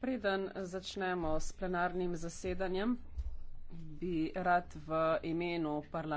preden začnemo s plenarnim zasedanjem bi rad v imenu parlamenta in v imenu vseh kolegov in kolegic